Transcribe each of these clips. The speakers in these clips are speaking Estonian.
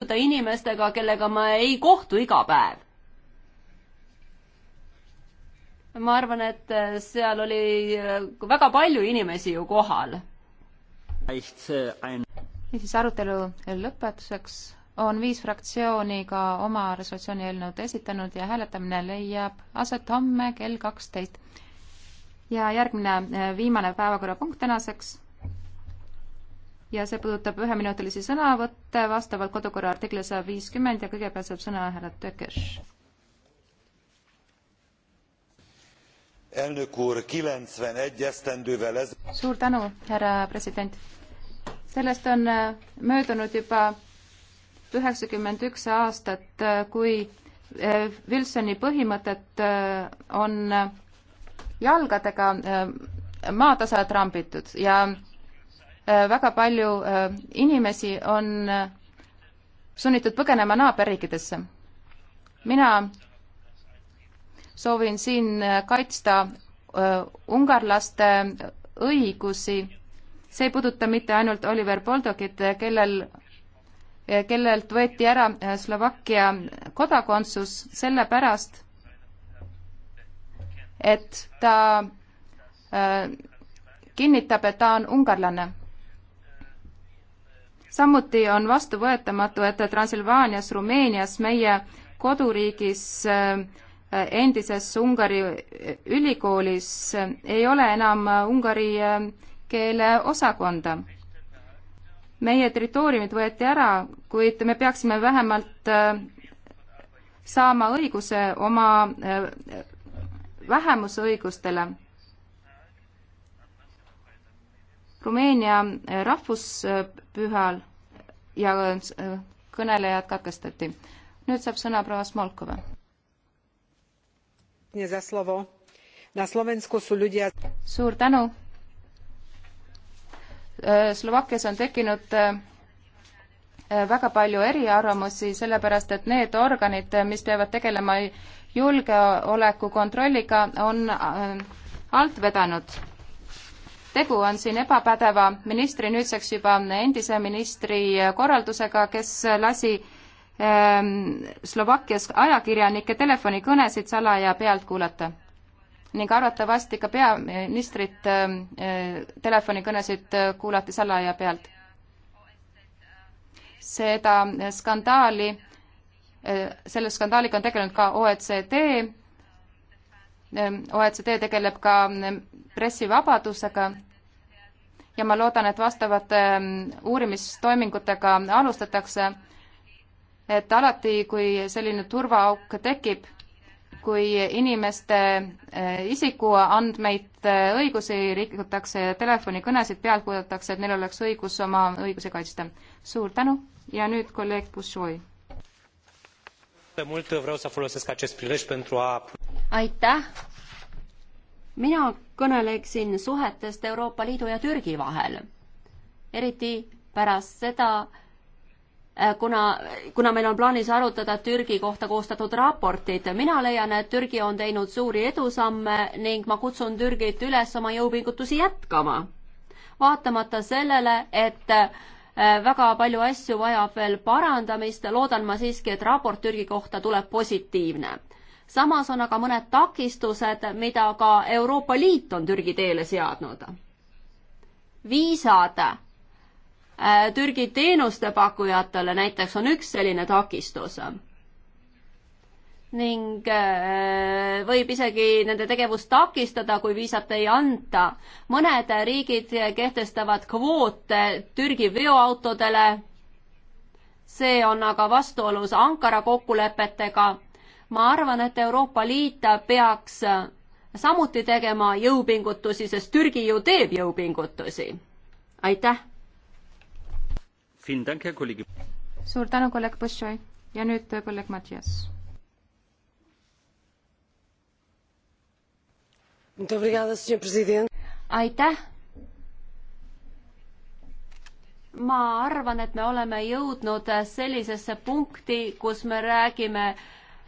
kohtuda inimestega, kellega ma ei kohtu iga päev. ma arvan, et äh, seal oli äh, väga palju inimesi ju kohal. Äh, niisiis, arutelu lõpetuseks on viis fraktsiooni ka oma resolutsiooni eelnõud esitanud ja hääletamine leiab aset homme kell kaksteist. ja järgmine, viimane päevakorrapunkt tänaseks ja see puudutab üheminutilisi sõnavõtte vastavalt kodukorra artikli sada viiskümmend ja kõigepealt saab sõna härra Tökes. suur tänu, härra president. sellest on äh, möödunud juba üheksakümmend üks aastat, äh, kui äh, Wilsoni põhimõtet on jalgadega maatasa trambitud ja Äh, väga palju äh, inimesi on äh, sunnitud põgenema naaberriikidesse. mina soovin siin kaitsta ungarlaste õigusi, see ei puuduta mitte ainult Oliver Boldogit, kellel kellelt võeti ära Slovakkia kodakondsus sellepärast, et ta kinnitab, et ta on ungarlane samuti on vastuvõetamatu, et Transilvaanias, Rumeenias, meie koduriigis äh, endises Ungari äh, ülikoolis äh, ei ole enam ungari keele osakonda. meie territooriumid võeti ära, kuid me peaksime vähemalt saama õiguse oma vähemusõigustele Rumeenia äh, rahvuspühal ja äh, kõnelejad katkestati. nüüd saab sõna proua Smolkova. suur tänu. Äh, Slovakkias on tekkinud väga palju eriarvamusi, sellepärast et need organid, mis peavad tegelema julgeoleku kontrolliga, on alt vedanud tegu on siin ebapädeva ministri, nüüdseks juba endise ministri korraldusega, kes lasi ehm, Slovakkias ajakirjanike telefonikõnesid salaja pealt kuulata ning arvatavasti ka peaministrit ehm, ehm, telefonikõnesid kuulati salaja pealt. seda skandaali, selle skandaaliga on tegelenud ka OECD, OECD tegeleb ka pressivabadusega ja ma loodan, et vastavate ähm, uurimistoimingutega alustatakse, et alati, kui selline turvaauk tekib, kui inimeste äh, isikuandmeid, äh, õigusi rikutakse, telefonikõnesid pealt kuulatakse, et neil oleks õigus oma õigusi kaitsta. suur tänu ja nüüd kolleeg Bushoi. aitäh mina kõneleksin suhetest Euroopa Liidu ja Türgi vahel, eriti pärast seda, äh, kuna, kuna meil on plaanis arutada Türgi kohta koostatud raportit, mina leian, et Türgi on teinud suuri edusamme ning ma kutsun Türgit üles oma jõupingutusi jätkama. vaatamata sellele, et äh, väga palju asju vajab veel parandamist, loodan ma siiski, et raport Türgi kohta tuleb positiivne samas on aga mõned takistused, mida ka Euroopa Liit on Türgi teele seadnud. viisad äh, Türgi teenustepakkujatele näiteks on üks selline takistus. ning äh, võib isegi nende tegevust takistada, kui viisat ei anta. mõned riigid kehtestavad kvoote Türgi veoautodele, see on aga vastuolus Ankara kokkulepetega ma arvan, et Euroopa Liit peaks äh, samuti tegema jõupingutusi, sest Türgi ju teeb jõupingutusi. aitäh! suur tänu, kolleeg Bushoi ja nüüd äh, kolleeg Mattias. aitäh! ma arvan, et me oleme jõudnud äh, sellisesse punkti, kus me räägime äh,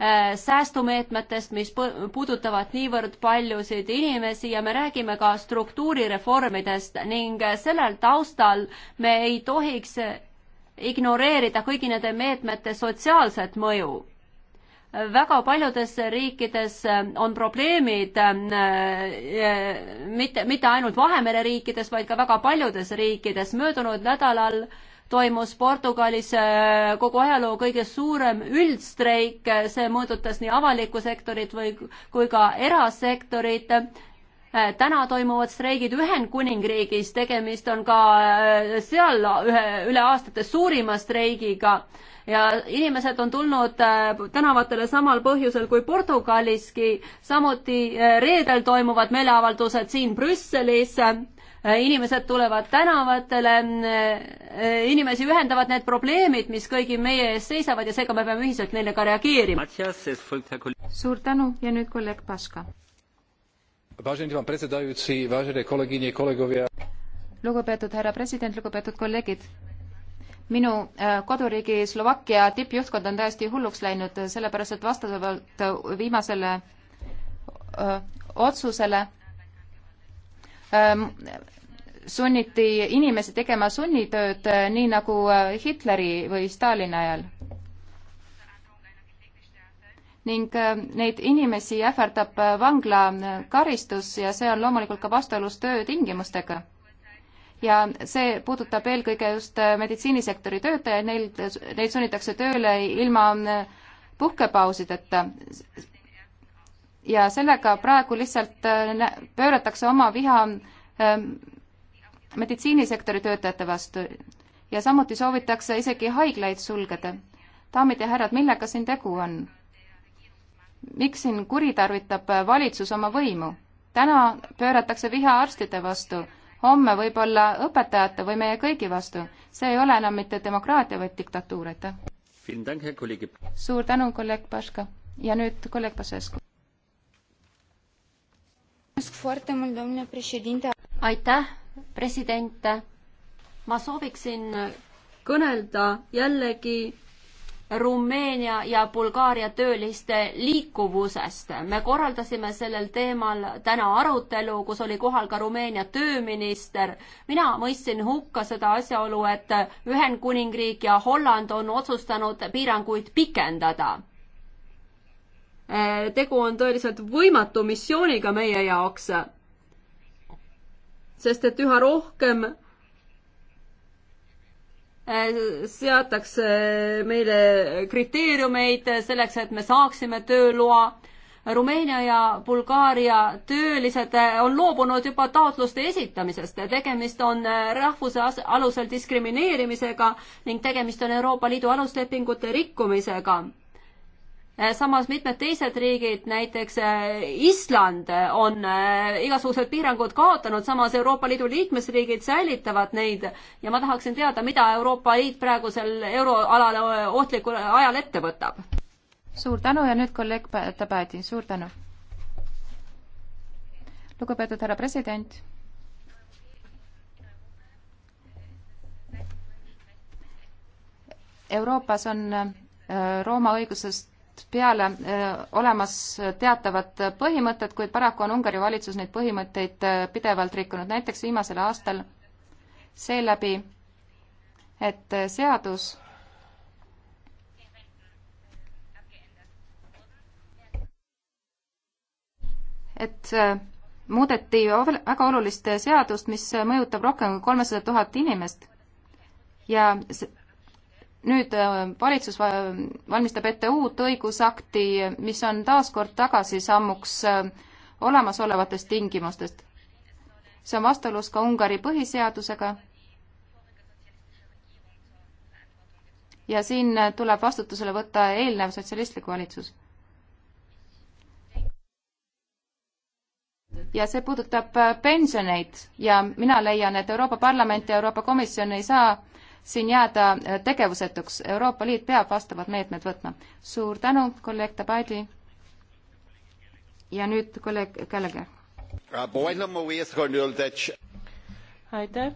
Äh, säästumeetmetest, mis puudutavad niivõrd paljusid inimesi ja me räägime ka struktuurireformidest ning sellel taustal me ei tohiks ignoreerida kõigi nende meetmete sotsiaalset mõju väga paljudes riikides äh, on probleemid äh, mitte, mitte ainult Vahemere riikides, vaid ka väga paljudes riikides. möödunud nädalal äh, toimus Portugalis äh, kogu ajaloo kõige suurem üldstreik, äh, see mõõdutas nii avalikku sektorit või, kui ka erasektorit äh, täna toimuvad streigid Ühendkuningriigis, tegemist on ka seal ühe, üle aastate suurima streigiga ja inimesed on tulnud tänavatele samal põhjusel kui Portugaliski, samuti reedel toimuvad meeleavaldused siin Brüsselis inimesed tulevad tänavatele, inimesi ühendavad need probleemid, mis kõigi meie ees seisavad ja seega me peame ühiselt neile ka reageerima. suur tänu ja nüüd kolleeg Paška. lugupeetud härra president, lugupeetud kolleegid minu äh, koduriigi Slovakkia tippjuhtkond on täiesti hulluks läinud, sellepärast et vastavalt viimasele öö, äh, otsusele Ähm, sunniti inimesi tegema sunnitööd, äh, nii nagu äh, Hitleri või Stalini ajal. ning äh, neid inimesi ähvardab vanglakaristus ja see on loomulikult ka vastuolus töötingimustega ja see puudutab eelkõige just meditsiinisektori töötajaid, neil, neid sunnitakse tööle ilma puhkepausideta ja sellega praegu lihtsalt äh, pööratakse oma viha ähm, meditsiinisektori töötajate vastu ja samuti soovitakse isegi haiglaid sulgeda. daamid ja härrad, millega siin tegu on? miks siin kuritarvitab äh, valitsus oma võimu? täna pööratakse viha arstide vastu, homme võib-olla õpetajate või meie kõigi vastu. see ei ole enam mitte demokraatia, vaid diktatuur, aitäh! suur tänu, kolleeg Paška ja nüüd kolleeg Pasescu aitäh, president. ma sooviksin kõnelda jällegi Rumeenia ja Bulgaaria tööliste liikuvusest. me korraldasime sellel teemal täna arutelu, kus oli kohal ka Rumeenia tööminister. mina mõistsin hukka seda asjaolu, et Ühendkuningriik ja Holland on otsustanud piiranguid pikendada. Eh, tegu on tõeliselt võimatu missiooniga meie jaoks. sest et üha rohkem eh, seatakse meile kriteeriumeid selleks, et me saaksime tööloa. Rumeenia ja Bulgaaria töölised eh, on loobunud juba taotluste esitamisest, tegemist on rahvuse alusel diskrimineerimisega ning tegemist on Euroopa Liidu aluslepingute rikkumisega Eh, samas mitmed teised riigid, näiteks eh, Island eh, on igasugused piirangud kaotanud, samas Euroopa Liidu liikmesriigid säilitavad neid ja ma tahaksin teada, mida Euroopa Liit praegusel euroalale ohtlikul ajal ette võtab. suur tänu ja nüüd kolleeg Tabadi, suur tänu. lugupeetud härra president. Euroopas on Rooma õigusest algusest peale olemas teatavad põhimõtted, kuid paraku on Ungari valitsus neid põhimõtteid pidevalt rikkunud, näiteks viimasel aastal seeläbi, et seadus et muudeti väga olulist seadust, mis mõjutab rohkem kui kolmesada tuhat inimest ja nüüd äh, valitsus valmistab ette uut õigusakti, mis on taaskord tagasisammuks äh, olemasolevatest tingimustest. see on vastuolus ka Ungari põhiseadusega. ja siin äh, tuleb vastutusele võtta eelnev sotsialistlik valitsus. ja see puudutab pensioneid ja mina leian, et Euroopa Parlament ja Euroopa Komisjon ei saa siin jääda äh, tegevusetuks. Euroopa Liit peab vastavad meetmed võtma. suur tänu, kolleeg Tabadi. ja nüüd kolleeg Gallagher. aitäh.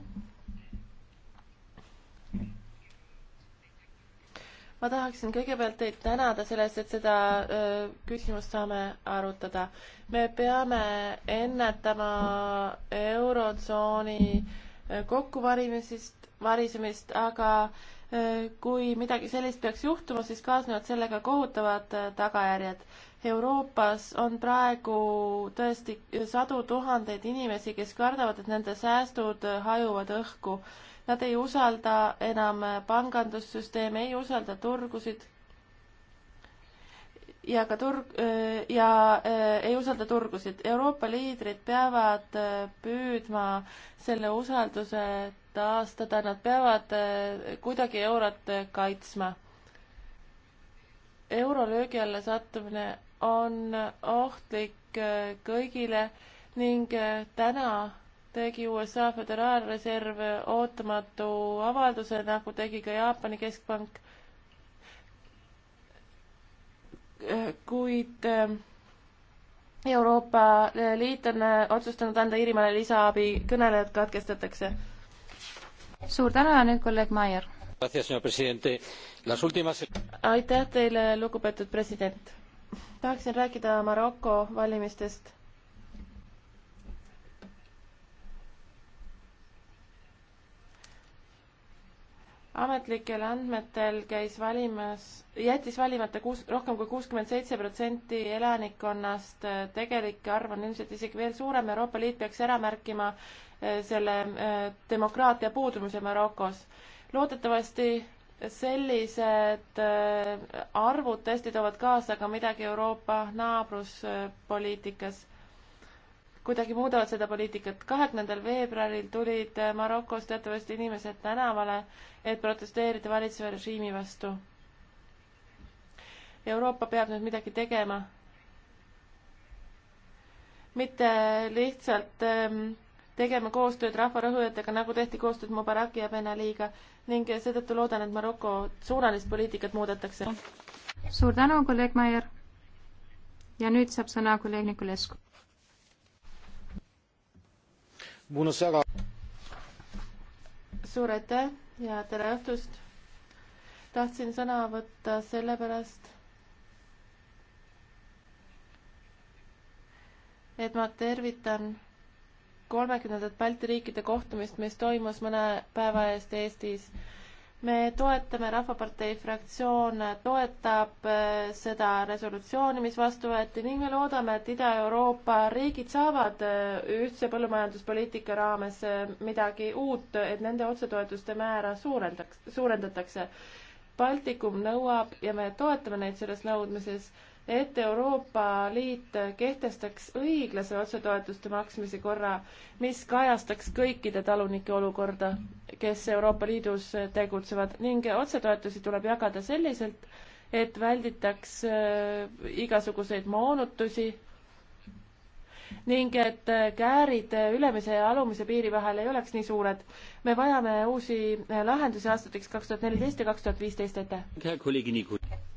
ma tahaksin kõigepealt teid tänada selles, et seda öö, äh, küsimust saame arutada. me peame ennetama Eurotsooni äh, kokkuvarimisest varisemist, aga äh, kui midagi sellist peaks juhtuma, siis kaasnevad sellega kohutavad äh, tagajärjed. Euroopas on praegu tõesti sadu tuhandeid inimesi, kes kardavad, et nende säästud äh, hajuvad õhku. Nad ei usalda enam pangandussüsteemi, ei usalda turgusid ja ka turg ja ei usalda turgusid. Euroopa liidrid peavad püüdma selle usalduse taastada, nad peavad eh, kuidagi eurot eh, kaitsma. euro löögi alla sattumine on ohtlik eh, kõigile ning täna tegi USA Föderaalreserv ootamatu avalduse, nagu tegi ka Jaapani keskpank. kuid Euroopa Liit on otsustanud anda Iirimaale lisaabi, kõnelejad katkestatakse suur tänu ja nüüd kolleeg Maier. aitäh teile, lugupeetud president. tahaksin rääkida Maroko valimistest ametlikel andmetel käis valimas, jättis valimata kuus, rohkem kui kuuskümmend seitse protsenti elanikkonnast, tegelik arv on ilmselt isegi veel suurem, Euroopa Liit peaks ära märkima eh, selle eh, demokraatia puudumise Marokos. loodetavasti sellised eh, arvud tõesti toovad kaasa ka midagi Euroopa naabruspoliitikas kuidagi muudavad seda poliitikat. kahekümnendal veebruaril tulid äh, Marokos teatavasti inimesed tänavale, et protesteerida valitseva režiimi vastu. Euroopa peab nüüd midagi tegema. mitte lihtsalt ähm, tegema koostööd rahvarõhujatega, nagu tehti koostööd Mubaraki ja Ben Aliga ning seetõttu loodan, et Maroko suunalist poliitikat muudetakse. suur tänu, kolleeg Maier. ja nüüd saab sõna kolleeg Nikolescu suur aitäh ja tere õhtust! tahtsin sõna võtta sellepärast, et ma tervitan kolmekümnendat Balti riikide kohtumist, mis toimus mõne päeva eest Eestis me toetame, Rahvapartei fraktsioon toetab äh, seda resolutsiooni, mis vastu võeti ning me loodame, et Ida-Euroopa riigid saavad äh, ühtse põllumajanduspoliitika raames äh, midagi uut, et nende otsetoetuste määra suurendaks, suurendatakse. Baltikum nõuab ja me toetame neid selles nõudmises et Euroopa Liit kehtestaks õiglase otsetoetuste maksmise korra, mis kajastaks kõikide talunike olukorda, kes Euroopa Liidus tegutsevad ning otsetoetusi tuleb jagada selliselt, et välditaks äh, igasuguseid moonutusi ning et äh, käärid ülemise ja alumise piiri vahel ei oleks nii suured. me vajame uusi äh, lahendusi aastateks kaks tuhat neliteist ja kaks tuhat viisteist, aitäh!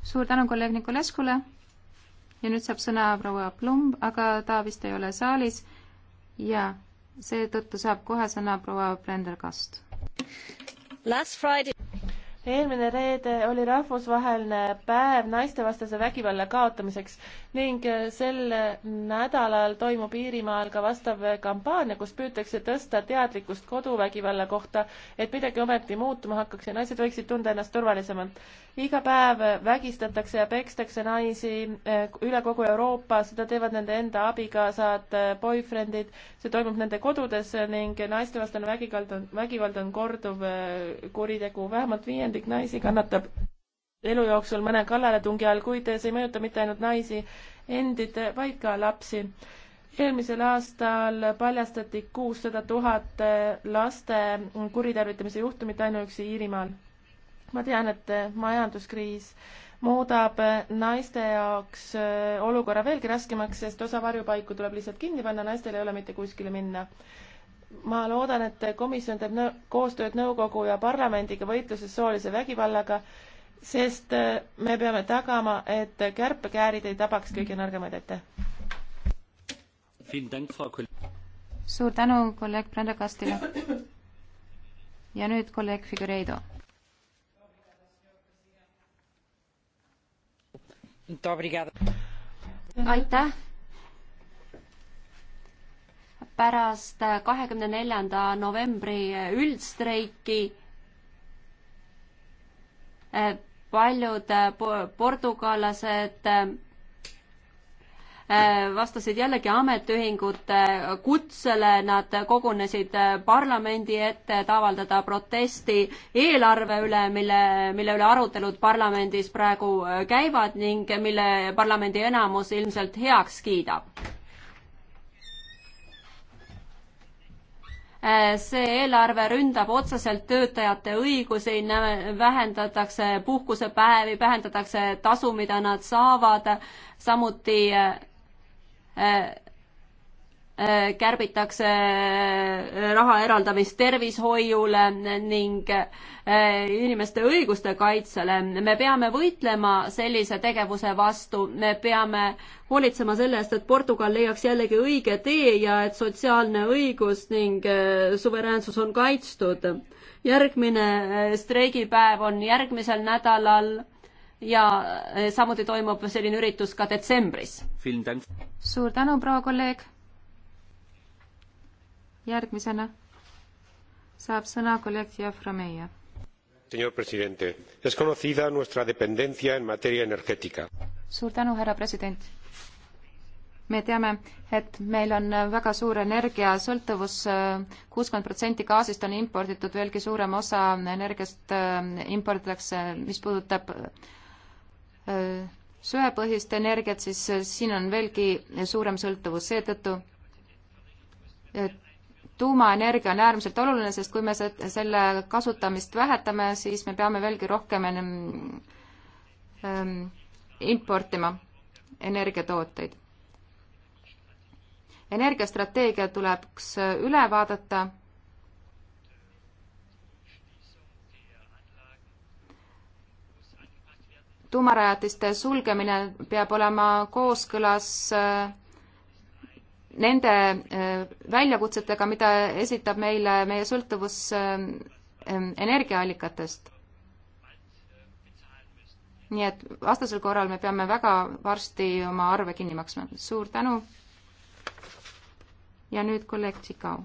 suur tänu kolleeg Nikoleskule! ja nüüd saab sõna proua Plumb, aga ta vist ei ole saalis ja seetõttu saab kohe sõna proua Prendergast. eelmine reede oli rahvusvaheline päev naistevastase vägivalla kaotamiseks ning sel nädalal toimub Iirimaal ka vastav kampaania, kus püütakse tõsta teadlikkust koduvägivalla kohta, et midagi ometi muutuma hakkaks ja naised võiksid tunda ennast turvalisemalt iga päev vägistatakse ja pekstakse naisi eh, üle kogu Euroopa, seda teevad nende enda abikaasad, eh, boyfriend'id, see toimub nende kodudes ning naistevastane vägivald on, vägivald on korduv eh, kuritegu, vähemalt viiendik naisi kannatab elu jooksul mõne kallaletungi all, kuid see ei mõjuta mitte ainult naisi endid, vaid ka lapsi eelmisel aastal paljastati kuussada tuhat laste kuritarvitamise juhtumit ainuüksi Iirimaal ma tean, et majanduskriis muudab naiste jaoks äh, olukorra veelgi raskemaks, sest osa varjupaiku tuleb lihtsalt kinni panna, naistel ei ole mitte kuskile minna. ma loodan, et komisjon teeb nõ koostööd nõukogu ja parlamendiga võitluses soolise vägivallaga, sest äh, me peame tagama, et kärpekäärid ei tabaks kõige nõrgemaid ette. suur tänu kolleeg Brenda Kastile. ja nüüd kolleeg Figureido aitäh! pärast kahekümne neljanda novembri üldstreiki eh, paljud portugallased eh, Äh, vastasid jällegi ametiühingute kutsele, nad kogunesid äh, parlamendi ette, et avaldada protesti eelarve üle, mille, mille üle arutelud parlamendis praegu äh, käivad ning mille parlamendi enamus ilmselt heaks kiidab. see eelarve ründab otseselt töötajate õigusi, vähendatakse puhkusepäevi, vähendatakse tasu, mida nad saavad, samuti Äh, äh, kärbitakse äh, raha eraldamist tervishoiule ning inimeste õiguste kaitsele. me peame võitlema sellise tegevuse vastu, me peame hoolitsema selle eest, et Portugal leiaks jällegi õige tee ja et sotsiaalne õigus ning suveräänsus on kaitstud. järgmine streigipäev on järgmisel nädalal ja eh, samuti toimub selline üritus ka detsembris. suur tänu, proua kolleeg. järgmisena saab sõna kolleeg Jefromeia. Señor presidente, es conocida nuestra dependencia en materia energética. suur tänu, härra president. me teame, et meil on väga suur energiasõltuvus, kuuskümmend protsenti gaasist on imporditud, veelgi suurem osa energiast eh, imporditakse, mis puudutab äh, söepõhist energiat, siis äh, siin on veelgi suurem sõltuvus, seetõttu äh, tuumaenergia on äärmiselt oluline, sest kui me selle kasutamist vähetame, siis me peame veelgi rohkem ähm, importima energiatooteid. energiastrateegia tuleks äh, üle vaadata tuumarajatiste sulgemine peab olema kooskõlas äh, nende äh, väljakutsetega, mida esitab meile meie sõltuvus äh, energiaallikatest. nii et vastasel korral me peame väga varsti oma arve kinni maksma. suur tänu. ja nüüd kolleeg Tsikau.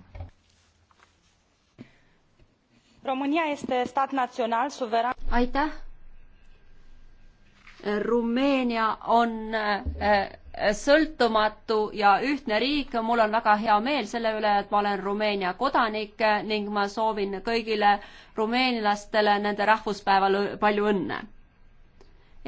România este stat național suveran. aitäh Rumeenia on äh, sõltumatu ja ühtne riik, mul on väga hea meel selle üle, et ma olen Rumeenia kodanik ning ma soovin kõigile rumeenlastele nende rahvuspäeval palju õnne.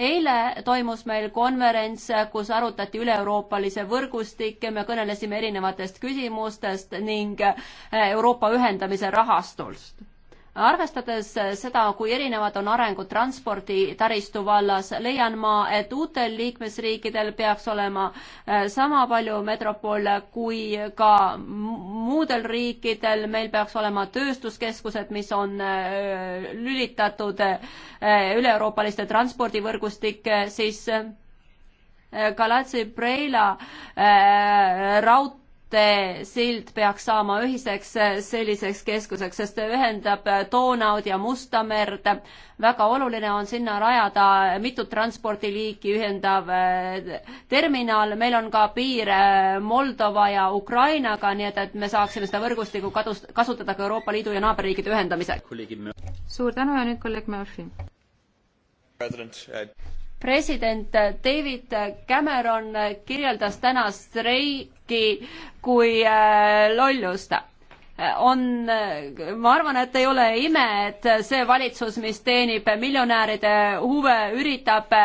eile toimus meil konverents, kus arutati üle-euroopalise võrgustikke, me kõnelesime erinevatest küsimustest ning äh, Euroopa ühendamise rahastust arvestades seda, kui erinevad on arengud transporditaristu vallas, leian ma, et uutel liikmesriikidel peaks olema äh, sama palju metropole kui ka muudel riikidel. meil peaks olema tööstuskeskused, mis on äh, lülitatud äh, üle-euroopaliste transpordivõrgustike, siis Galatsi-Preila äh, raud-, raudtee eh, sild peaks saama ühiseks eh, selliseks keskuseks, sest see ühendab Donaud eh, ja Musta merd. väga oluline on sinna rajada mitut transpordiliiki ühendav terminal, meil on ka piir Moldova ja Ukrainaga, nii et, et me saaksime seda võrgustikku kadus, kasutada ka Euroopa Liidu ja naaberriikide ühendamisel. suur tänu ja nüüd kolleeg Murphy president David Cameron kirjeldas täna streiki kui äh, lollust on, ma arvan, et ei ole ime, et see valitsus, mis teenib miljonäride huve, üritab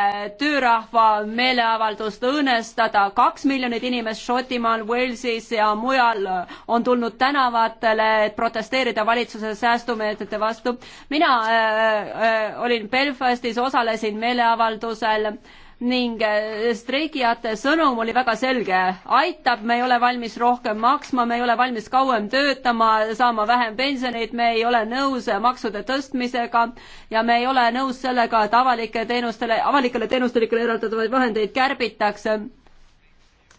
töörahva meeleavaldust õõnestada. kaks miljonit inimest Šotimaal, Walesis ja mujal on tulnud tänavatele, et protesteerida valitsuse säästumeetmete vastu. mina äh, äh, olin Belfastis, osalesin meeleavaldusel äh, ning eh, streigijate sõnum oli väga selge, aitab, me ei ole valmis rohkem maksma, me ei ole valmis kauem töötama, saama vähem pensioneid, me ei ole nõus eh, maksude tõstmisega ja me ei ole nõus sellega, et avalike teenustele, avalikele teenustelikele eraldatavaid vahendeid kärbitakse.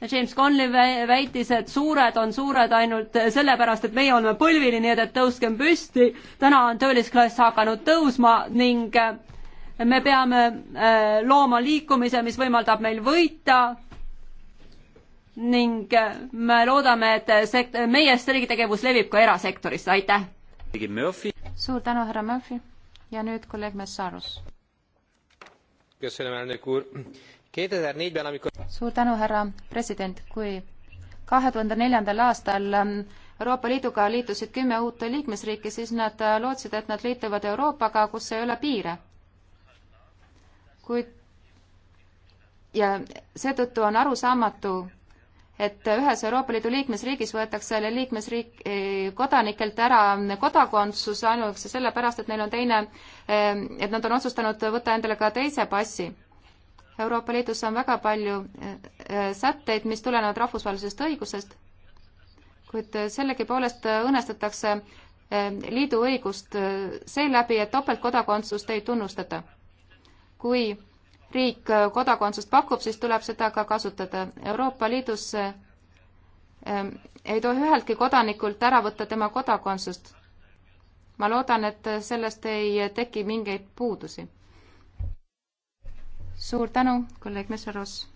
James Conley väitis, et suured on suured ainult sellepärast, et meie oleme põlvili, nii et, et tõuskem püsti. täna on töölisklass hakanud tõusma ning äh, me peame äh, looma liikumise, mis võimaldab meil võita ning äh, me loodame, et äh, sekt-, meie striigitegevus levib ka erasektorisse, aitäh! suur tänu, härra Murphy ja nüüd kolleeg Messarus. suur tänu, härra president, kui kahe tuhande neljandal aastal ähm, Euroopa Liiduga liitusid kümme uut liikmesriiki, siis nad lootsid, et nad liituvad Euroopaga, kus ei ole piire kuid ja seetõttu on arusaamatu, et ühes Euroopa Liidu liikmesriigis võetakse selle liikmesriik, eh, kodanikelt ära kodakondsus ainuüksi sellepärast, et neil on teine, eh, et nad on otsustanud võtta endale ka teise passi. Euroopa Liidus on väga palju eh, sätteid, mis tulenevad rahvusvahelisest õigusest, kuid sellegipoolest õõnestatakse liidu õigust seeläbi, et topeltkodakondsust ei tunnustata kui riik kodakondsust pakub, siis tuleb seda ka kasutada. Euroopa Liidus ähm, ei tohi üheltki kodanikult ära võtta tema kodakondsust. ma loodan, et sellest ei teki mingeid puudusi. suur tänu, kolleeg Messaros.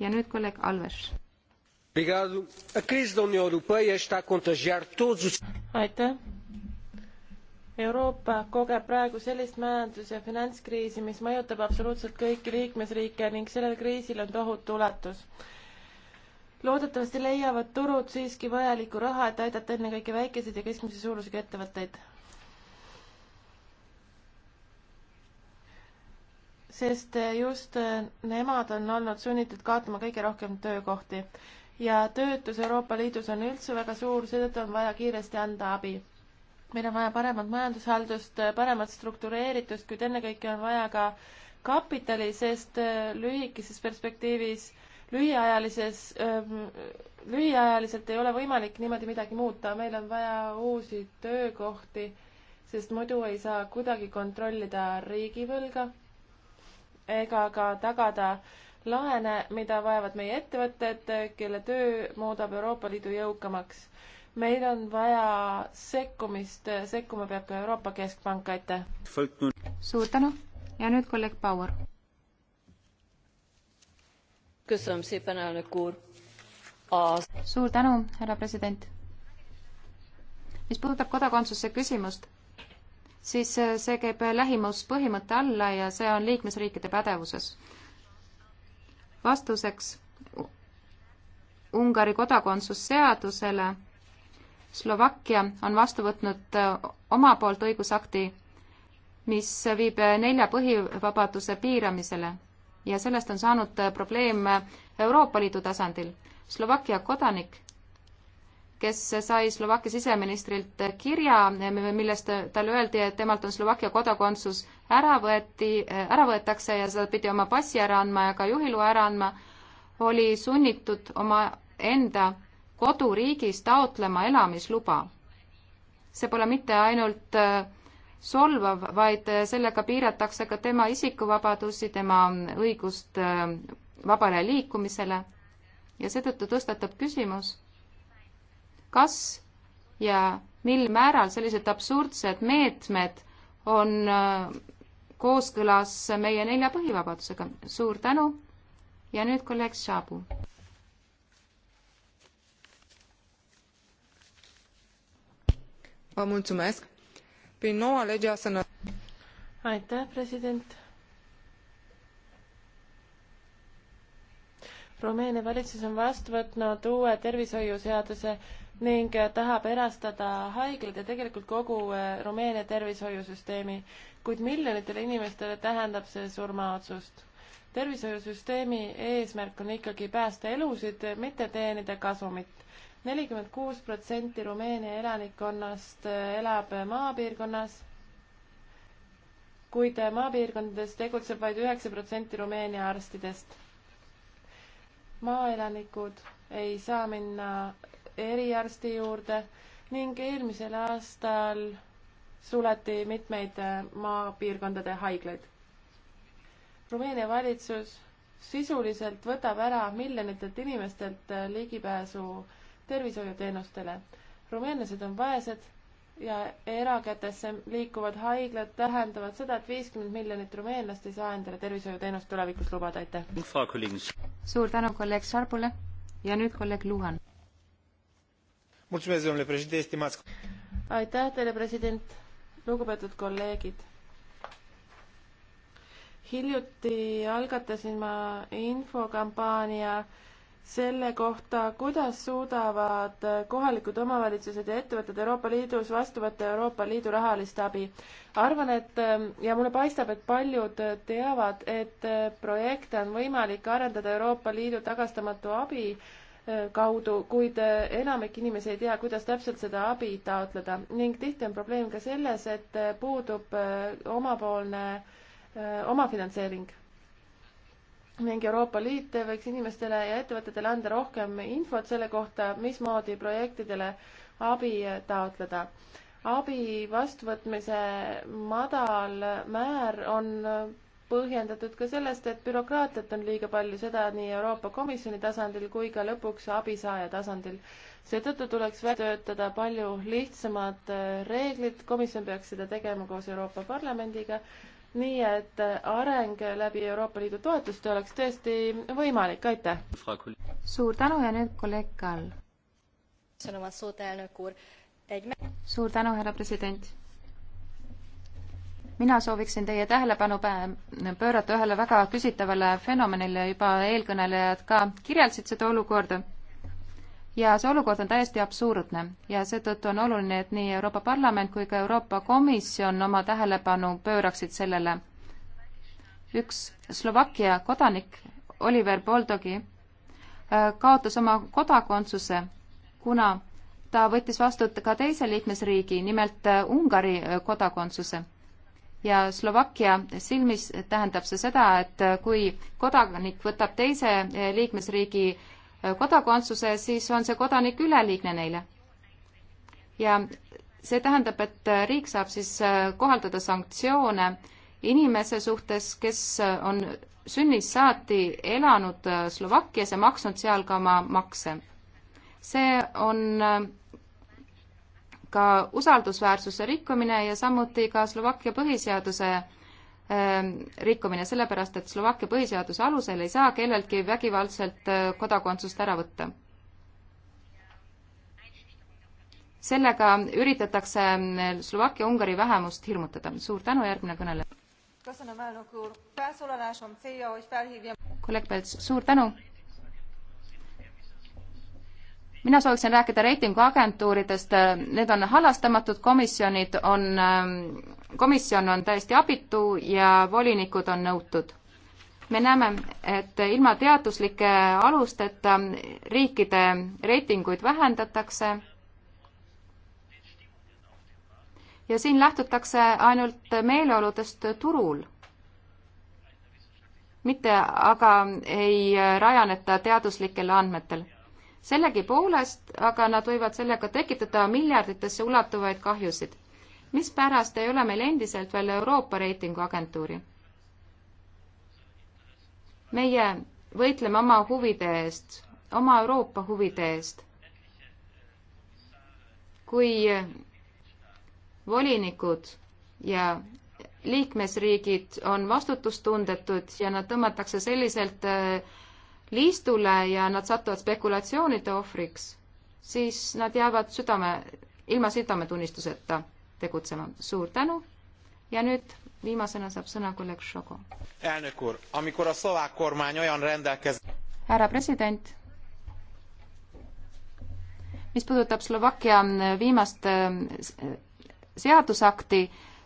ja nüüd kolleeg Alves. aitäh Euroopa kogeb praegu sellist majandus- ja finantskriisi, mis mõjutab absoluutselt kõiki liikmesriike ning sellel kriisil on tohutu ulatus. loodetavasti leiavad turud siiski vajalikku raha, et aidata ennekõike väikeseid ja keskmise suurusega ettevõtteid. sest just nemad on olnud sunnitud kaotama kõige rohkem töökohti ja töötus Euroopa Liidus on üldse väga suur, seetõttu on vaja kiiresti anda abi meil on vaja paremat majandushaldust, äh, paremat struktureeritust, kuid ennekõike on vaja ka kapitali, sest äh, lühikeses perspektiivis, lühiajalises, ähm, lühiajaliselt ei ole võimalik niimoodi midagi muuta, meil on vaja uusi töökohti, sest muidu ei saa kuidagi kontrollida riigivõlga ega ka tagada laene, mida vajavad meie ettevõtted, äh, kelle töö muudab Euroopa Liidu jõukamaks meil on vaja sekkumist, sekkuma peab ka Euroopa Keskpank, aitäh! suur tänu ja nüüd kolleeg Bauer. suur tänu, härra president! mis puudutab kodakondsuse küsimust, siis see käib lähimuspõhimõtte alla ja see on liikmesriikide pädevuses. vastuseks Ungari kodakondsusseadusele Slovakkia on vastu võtnud äh, oma poolt õigusakti, mis viib äh, nelja põhivabaduse piiramisele ja sellest on saanud äh, probleem Euroopa Liidu tasandil. Slovakkia kodanik, kes sai Slovakkia siseministrilt kirja, millest talle öeldi, et temalt on Slovakkia kodakondsus ära võeti, ära võetakse ja seda pidi oma passi ära andma ja ka juhiloa ära andma, oli sunnitud oma enda koduriigis taotlema elamisluba. see pole mitte ainult äh, solvav, vaid äh, sellega piiratakse ka tema isikuvabadusi, tema õigust äh, vabale liikumisele ja seetõttu tõstatab küsimus, kas ja mil määral sellised absurdsed meetmed on kooskõlas meie nelja põhivabadusega. suur tänu ja nüüd kolleeg Šabu. Vă mulțumesc. Prin noua lege a sănătății... Aitäh, president! Rumeenia valitsus on vastu võtnud uue tervishoiuseaduse ning tahab erastada haiglad ja tegelikult kogu eh, Rumeenia tervishoiusüsteemi, kuid miljonitele inimestele tähendab see surmaotsust. tervishoiusüsteemi eesmärk on ikkagi päästa elusid, mitte teenida kasumit nelikümmend kuus protsenti Rumeenia elanikkonnast äh, elab äh, maapiirkonnas, kuid äh, maapiirkondades tegutseb vaid üheksa protsenti Rumeenia arstidest. maaelanikud ei saa minna eriarsti juurde ning eelmisel aastal suleti mitmeid maapiirkondade haiglaid. Rumeenia valitsus sisuliselt võtab ära miljonitelt inimestelt ligipääsu tervishoiuteenustele. rumeenlased on vaesed ja erakätesse liikuvad haiglad tähendavad seda, et viiskümmend miljonit rumeenlast ei saa endale tervishoiuteenust tulevikus lubada, aitäh. suur tänu kolleeg Sarbule ja nüüd kolleeg Luhan. aitäh teile, president, lugupeetud kolleegid hiljuti algatasin ma infokampaania selle kohta, kuidas suudavad kohalikud omavalitsused ja ettevõtted Euroopa Liidus vastu võtta Euroopa Liidu rahalist abi. arvan, et ja mulle paistab, et paljud teavad, et projekte on võimalik arendada Euroopa Liidu tagastamatu abi eh, kaudu, kuid enamik inimesi ei tea, kuidas täpselt seda abi taotleda ning tihti on probleem ka selles, et puudub eh, omapoolne eh, omafinantseering ning Euroopa Liit võiks inimestele ja ettevõtetele anda rohkem infot selle kohta, mismoodi projektidele abi taotleda. abi vastuvõtmise madal määr on põhjendatud ka sellest, et bürokraatiat on liiga palju, seda nii Euroopa Komisjoni tasandil kui ka lõpuks abisaaja tasandil. seetõttu tuleks välja töötada palju lihtsamad reeglid, komisjon peaks seda tegema koos Euroopa Parlamendiga nii et äh, areng läbi Euroopa Liidu toetuste oleks tõesti võimalik, aitäh! suur tänu ja nüüd kolleeg Kall. suur tänu, härra president! mina sooviksin teie tähelepanu pöörata ühele väga küsitavale fenomenile, juba eelkõnelejad ka kirjeldasid seda olukorda ja see olukord on täiesti absurdne ja seetõttu on oluline, et nii Euroopa Parlament kui ka Euroopa Komisjon oma tähelepanu pööraksid sellele. üks Slovakkia kodanik, Oliver Boldogi, äh, kaotas oma kodakondsuse, kuna ta võttis vastu ka teise liikmesriigi, nimelt äh, Ungari äh, kodakondsuse. ja Slovakkia silmis tähendab see seda, et kui kodanik võtab teise liikmesriigi kodakondsuse, siis on see kodanik üleliigne neile. ja see tähendab, et riik saab siis äh, kohaldada sanktsioone inimese suhtes, kes on sünnist saati elanud äh, Slovakkias ja maksnud seal ka oma makse. see on äh, ka usaldusväärsuse rikkumine ja samuti ka Slovakkia põhiseaduse Ähm, rikkumine, sellepärast et Slovakkia põhiseaduse alusel ei saa kelleltki vägivaldselt äh, kodakondsust ära võtta. sellega üritatakse ähm, Slovakkia-Ungari vähemust hirmutada. suur tänu, järgmine kõneleja. kolleeg Pelts, suur tänu mina sooviksin rääkida reitinguagentuuridest, need on halastamatud komisjonid, on ähm, komisjon on täiesti abitu ja volinikud on nõutud. me näeme, et ilma teaduslike alusteta riikide reitinguid vähendatakse ja siin lähtutakse ainult meeleoludest turul. mitte aga ei rajaneta teaduslikel andmetel. sellegipoolest aga nad võivad sellega tekitada miljarditesse ulatuvaid kahjusid mispärast ei ole meil endiselt veel Euroopa reitinguagentuuri? meie võitleme oma huvide eest, oma Euroopa huvide eest. kui volinikud ja liikmesriigid on vastutustundetud ja nad tõmmatakse selliselt äh, liistule ja nad satuvad spekulatsioonide ohvriks, siis nad jäävad südame, ilma südametunnistuseta tegutsema. suur tänu ja nüüd viimasena saab sõna kolleeg Šogo. härra president, mis puudutab Slovakkia mm, viimast mm, seadusakti,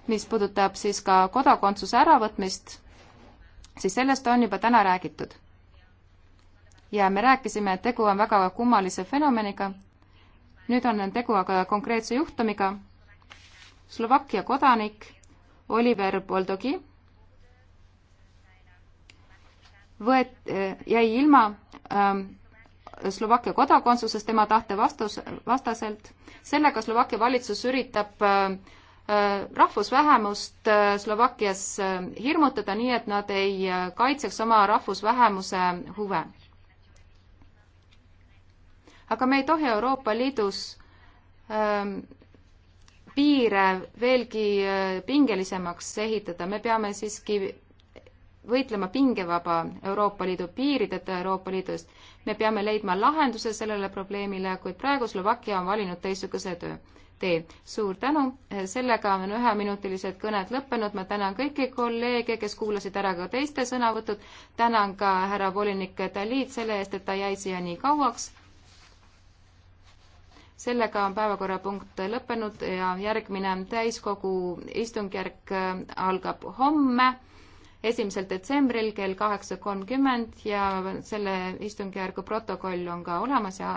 mis puudutab siis ka kodakondsuse äravõtmist, siis sellest on juba täna räägitud. ja me rääkisime, et tegu on väga kummalise fenomeniga, nüüd on tegu aga konkreetse juhtumiga Slovakkia kodanik Oliver Boldogi võet-, jäi ilma ähm, Slovakkia kodakondsusest tema tahte vastus, vastaselt. sellega Slovakkia valitsus üritab äh, äh rahvusvähemust äh, Slovakkias äh, hirmutada nii, et nad ei kaitseks oma rahvusvähemuse huve. aga me ei tohi Euroopa Liidus ähm, piire veelgi äh, pingelisemaks ehitada, me peame siiski võitlema pingevaba Euroopa Liidu piirideta Euroopa Liidust. me peame leidma lahenduse sellele probleemile, kuid praegu Slovakkia on valinud teistsuguse töö, tee. suur tänu, sellega on üheminutilised kõned lõppenud, ma tänan kõiki kolleege, kes kuulasid ära ka teiste sõnavõtud, tänan ka härra volinik Dalit selle eest, et ta jäi siia nii kauaks sellega on päevakorrapunkt lõppenud ja järgmine täiskogu istungjärk äh, algab homme, esimesel detsembril kell kaheksa kolmkümmend ja selle istungjärgu protokoll on ka olemas ja